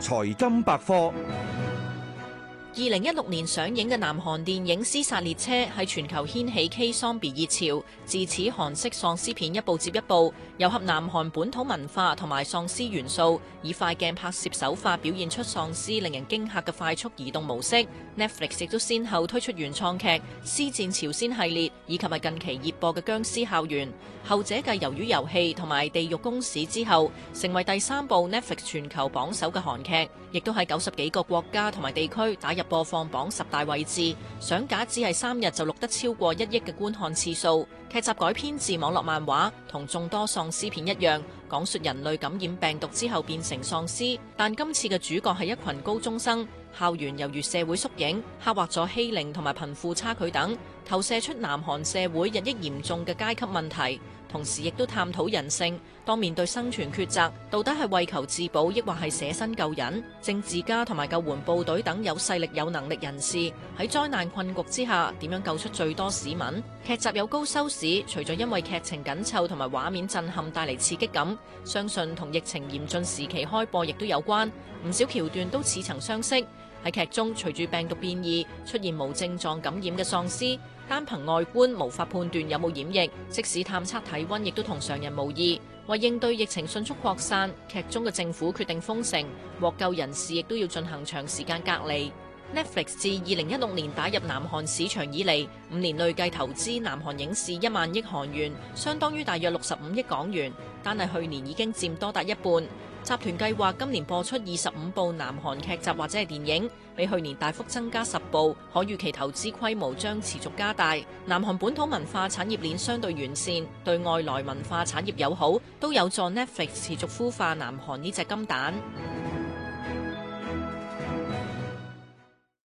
財金百科。二零一六年上映嘅南韓電影《屍殺列車》喺全球掀起 K Zombie 熱潮，自此韓式喪屍片一部接一部，糅合南韓本土文化同埋喪屍元素，以快鏡拍攝手法表現出喪屍令人驚嚇嘅快速移動模式。Netflix 亦都先後推出原創劇《屍戰朝鮮》系列，以及係近期熱播嘅《僵屍校園》，後者繼《魷魚遊戲》同埋《地獄公使》之後，成為第三部 Netflix 全球榜首嘅韓劇，亦都喺九十幾個國家同埋地區打入，播放榜十大位置，上架只係三日就錄得超過一億嘅觀看次數。劇集改編自網絡漫畫，同眾多喪屍片一樣，講述人類感染病毒之後變成喪屍，但今次嘅主角係一群高中生。校園猶如社會縮影，刻畫咗欺凌同埋貧富差距等，投射出南韓社會日益嚴重嘅階級問題。同時亦都探討人性，當面對生存抉擇，到底係為求自保，抑或係捨身救人？政治家同埋救援部隊等有勢力有能力人士喺災難困局之下，點樣救出最多市民？劇集有高收視，除咗因為劇情緊湊同埋畫面震撼帶嚟刺激感，相信同疫情嚴峻時期開播亦都有關。唔少橋段都似曾相識。喺劇中，隨住病毒變異，出現無症狀感染嘅喪屍，單憑外觀無法判斷有冇染疫。即使探測體溫，亦都同常人無異。為應對疫情迅速擴散，劇中嘅政府決定封城，獲救人士亦都要進行長時間隔離。Netflix 自二零一六年打入南韓市場以嚟，五年累計投資南韓影視一萬億韓元，相當於大約六十五億港元，但係去年已經占多達一半。集團計劃今年播出二十五部南韓劇集或者係電影，比去年大幅增加十部，可預期投資規模將持續加大。南韓本土文化產業鏈相對完善，對外來文化產業友好，都有助 Netflix 持續孵化南韓呢隻金蛋。